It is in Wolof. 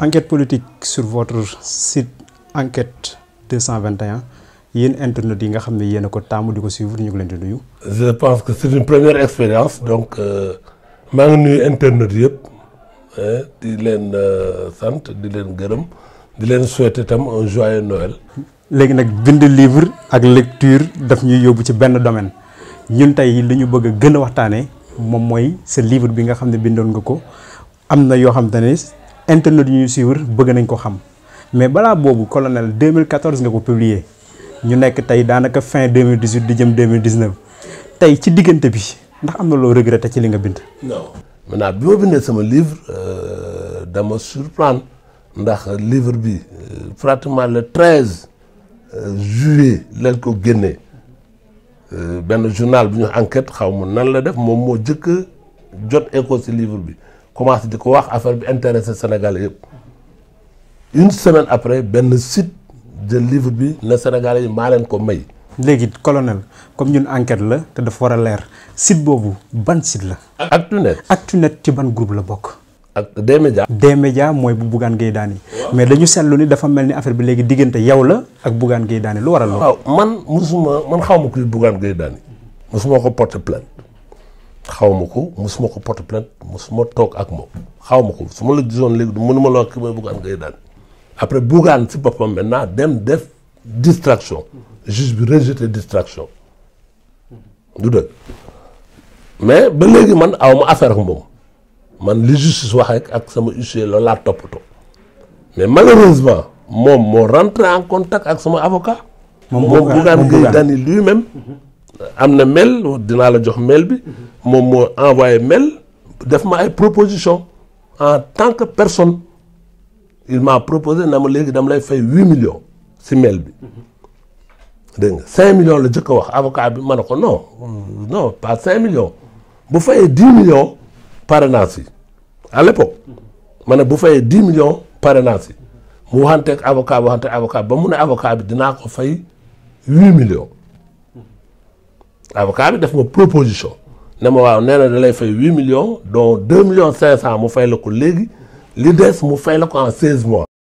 enquête politique sur votre site enquête 221 yéen internet yi nga xam ne yéen a ko taamu di ko suivre ñu ngi leen di nuyu. je pense que c'est une première expérience donc euh, maa ngi nuyu internautes yëpp di leen euh, sant di leen gërëm di leen souhaiter tam un joyeux Noël. léegi nag bind livre ak lecture daf ñuy yóbbu ci benn domaine ñun tey li ñu bëgg a gën a waxtaanee moom mooy sa livre bi nga xam ne bindoon nga ko am na yoo xam te ne internet yu ñuy suivre bëgg nañ ko xam mais balaa boobu colonel 2014 nga ko publier ñu nekk tey daanaka fin 2018 di jëm 2019 tey ci diggante bi ndax am na loo regretté ci li nga bind. non naa bi ma bindee sama livre euh, dama surprendre ndax livre bi euh, pratiquement le 13 euh, juillet lañ ko génnee benn journal bu ñu enquête xaw ma nan la def moom moo jëkk jot écho ci livre bi. commencé di ko wax affaire bi intéressé Sénégalais yëpp une semaine après benn site de livre bi na Sénégalais yi maa leen ko may. léegi colonel comme ñun enquête la te dafa war a leer site boobu ban site la. ak Actunet Actunet ci ban groupe la bokk. ak D-Média. d mooy bu Bougane Gueye Dany. mais dañu seetlu ni dafa mel ni affaire bi léegi diggante yow la ak Bougane Gueye Dany lu waral loolu. man musuma man xaw ma kuy Bougane Gueye Dany musuma ko porter plainte. xaw ma ko su ma ko porte plainte mosuma toog ak moom xaw ma ko su ma la gisoon léegi du mënuma la wax ki may Bougane ngay daan après Bougane si boppam maintenant dem def distraction juge bi rejeté distraction du dëgg mais ba léegi man aw ma affaire ak moom man li justice wax rek ak sama huissier la laa toppatoo mais malheureusement moom moo rentré en contact ak sama avocat moom Bougane Gueye Dany lui-même mhm. am na mail dinaa la jox mail bi moom moo envoyé mel def ma ay proposition en tant que personne il m'a proposé na ma léegi dama lay fay huit millions si mail bi dégg nga cinq la jëkk a wax avocat bi man ne ko non non pas cinq millions bu fayee dix million parrainage yi à l'époque ma ne bu fayee dix millions parrainage yi mu waxanteeg avocat waxanteeg avocat ba mu ne avocat bi dinaa ko fay huit millions avocat bi def ma proposition ne ma waaw nee na lay fay huit millions dont deux millions cinq cent mu fay la ko léegi li des mu fay la ko en seize mois.